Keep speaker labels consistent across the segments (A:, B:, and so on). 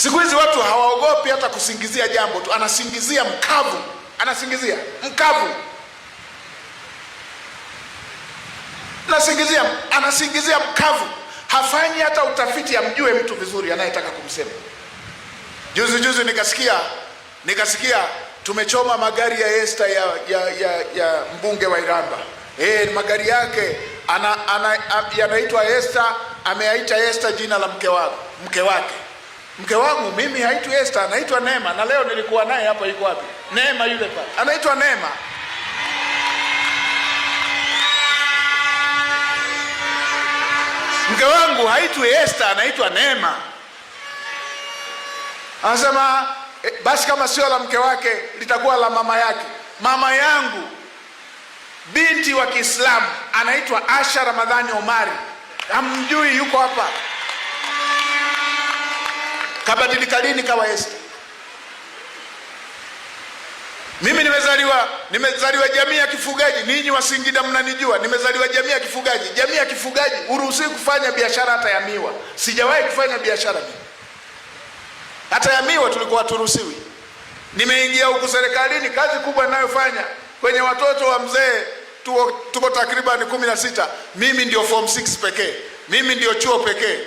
A: Siku hizi watu hawaogopi hata kusingizia jambo tu, anasingizia mkavu, anasingizia mkavu, anasingizia anasingizia mkavu, hafanyi hata utafiti amjue mtu vizuri anayetaka kumsema. Juzi juzi nikasikia nikasikia tumechoma magari ya Esta ya, ya, ya, ya mbunge wa Iramba. E, magari yake yanaitwa Esta, ameaita Esta jina la mke wake mke wake mke wangu mimi haitwi Esther, anaitwa Neema, na leo nilikuwa naye hapa. Yuko wapi Neema? Yule pale anaitwa Neema. Mke wangu haitwi Esther, anaitwa Neema. Anasema e, basi kama sio la mke wake litakuwa la mama yake. Mama yangu binti wa Kiislamu anaitwa Asha Ramadhani Omari, hamjui? Yuko hapa kabadilika lini kawa Esta? Mimi nimezaliwa nimezaliwa jamii ya kifugaji, ninyi wa Singida mnanijua, nimezaliwa jamii ya kifugaji. Jamii ya kifugaji huruhusi kufanya biashara hata ya miwa, sijawahi kufanya biashara mimi hata ya miwa, tulikuwa turuhusiwi. Nimeingia huku serikalini, kazi kubwa ninayofanya kwenye watoto wa mzee tuko, tuko kumi na sita. Mimi ndio form 6 pekee, mimi ndio chuo pekee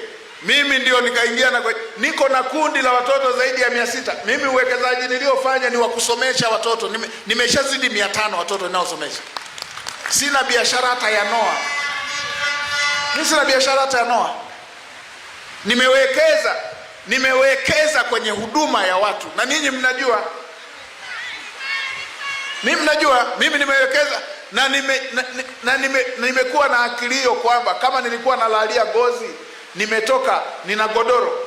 A: mimi ndio nikaingia na niko na kundi la watoto zaidi ya mia sita. Mimi uwekezaji niliofanya ni wa kusomesha watoto, nimeshazidi mia tano watoto ninaosomesha. Sina biashara hata ya noa, mimi sina biashara hata ya noa. Nimewekeza, nimewekeza kwenye huduma ya watu, na ninyi mnajua, mimi mnajua mimi nimewekeza na nimekuwa na, nime, na, nime na akilio kwamba kama nilikuwa nalalia gozi nimetoka, nina godoro.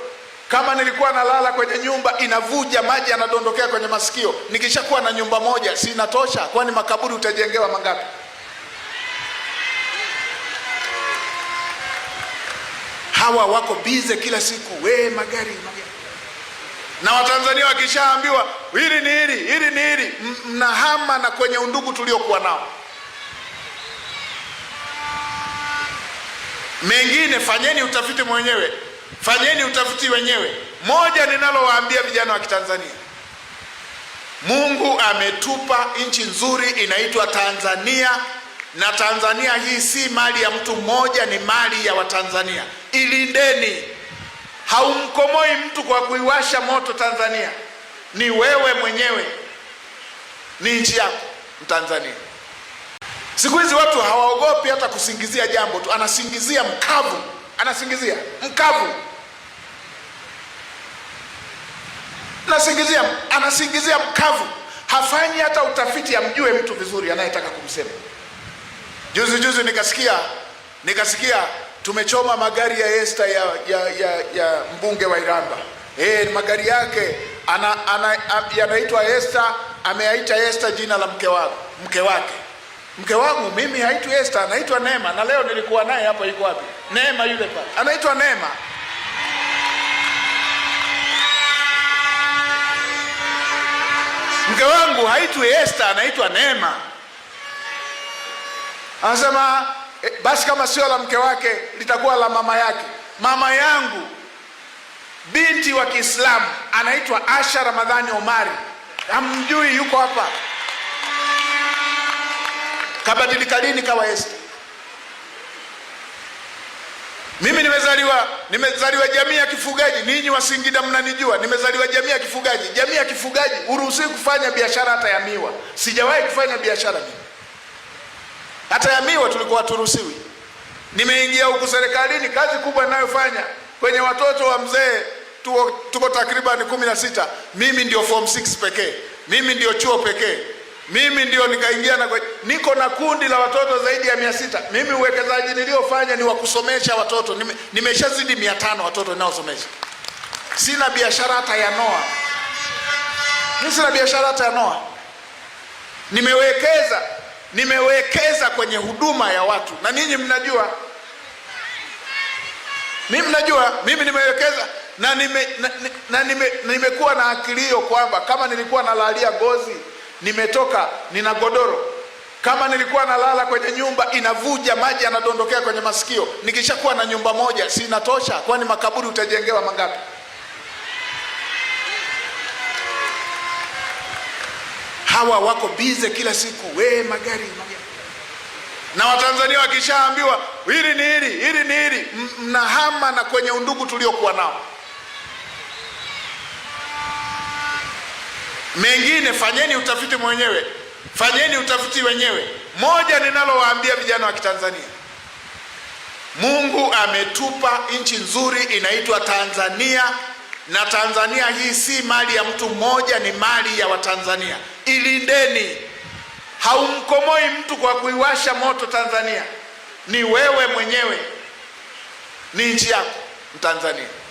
A: Kama nilikuwa nalala kwenye nyumba inavuja, maji yanadondokea kwenye masikio, nikishakuwa na nyumba moja si inatosha? Kwani makaburi utajengewa mangapi? Hawa wako bize kila siku, we magari, magari. Na Watanzania wakishaambiwa hili ni hili, hili ni hili, mnahama na kwenye undugu tuliokuwa nao. Mengine fanyeni utafiti mwenyewe, fanyeni utafiti wenyewe. Moja ninalowaambia vijana wa Kitanzania, Mungu ametupa nchi nzuri inaitwa Tanzania, na Tanzania hii si mali ya mtu mmoja, ni mali ya Watanzania. Ilindeni, haumkomoi mtu kwa kuiwasha moto. Tanzania ni wewe mwenyewe, ni nchi yako Mtanzania. Siku hizi watu hawaogopi hata kusingizia jambo tu, anasingizia mkavu, anasingizia mkavu, anasingizia anasingizia mkavu, hafanyi hata utafiti amjue mtu vizuri anayetaka kumsema. Juzi juzi nikasikia nikasikia tumechoma magari ya Esta ya, ya, ya, ya mbunge wa Iramba. E, magari yake ana, ana, yanaitwa Esta, ameaita Esta jina la mke wake mke wake mke wangu mimi haitwi Esther, anaitwa Neema, na leo nilikuwa naye hapa. Yuko wapi Neema? Yule pale anaitwa Neema. Mke wangu haitwi Esther, anaitwa Neema. Anasema eh, basi kama sio la mke wake litakuwa la mama yake. Mama yangu binti wa Kiislamu anaitwa Asha Ramadhani Omari, amjui? Yuko hapa kabadilika lini kawa Esta? Mimi nimezaliwa nimezaliwa jamii ya kifugaji, ninyi wa Singida mnanijua, nimezaliwa jamii ya kifugaji. Jamii ya kifugaji huruhusiwi kufanya biashara hata ya miwa. Sijawahi kufanya biashara mimi hata ya miwa, tulikuwa turuhusiwi Nimeingia huku serikalini, kazi kubwa ninayofanya kwenye watoto wa mzee tuko takriban kumi na sita. Mimi ndio form 6 pekee, mimi ndio chuo pekee mimi ndio nikaingia na niko na kundi la watoto zaidi ya mia sita. Mimi uwekezaji niliofanya ni wa kusomesha watoto, nime, mia tano watoto ninaosomesha. Sina biashara hata ya noa, mi sina biashara hata ya noa. Nimewekeza, nimewekeza kwenye huduma ya watu, na ninyi mnajua, mii mnajua, mimi nimewekeza na nimekuwa na, na, na, nime, na akilio kwamba kama nilikuwa nalalia gozi nimetoka, nina godoro. Kama nilikuwa nalala kwenye nyumba inavuja, maji yanadondokea kwenye masikio, nikishakuwa na nyumba moja, si inatosha? Kwani makaburi utajengewa mangapi? Hawa wako bize kila siku, we magari, magari. Na Watanzania wakishaambiwa hili ni hili, hili ni hili, mnahama na kwenye undugu tuliokuwa nao. Mengine fanyeni utafiti mwenyewe, fanyeni utafiti wenyewe. Moja ninalowaambia vijana wa Kitanzania, Mungu ametupa nchi nzuri inaitwa Tanzania, na Tanzania hii si mali ya mtu mmoja, ni mali ya Watanzania. Ilindeni, haumkomoi mtu kwa kuiwasha moto. Tanzania ni wewe mwenyewe, ni nchi yako Mtanzania.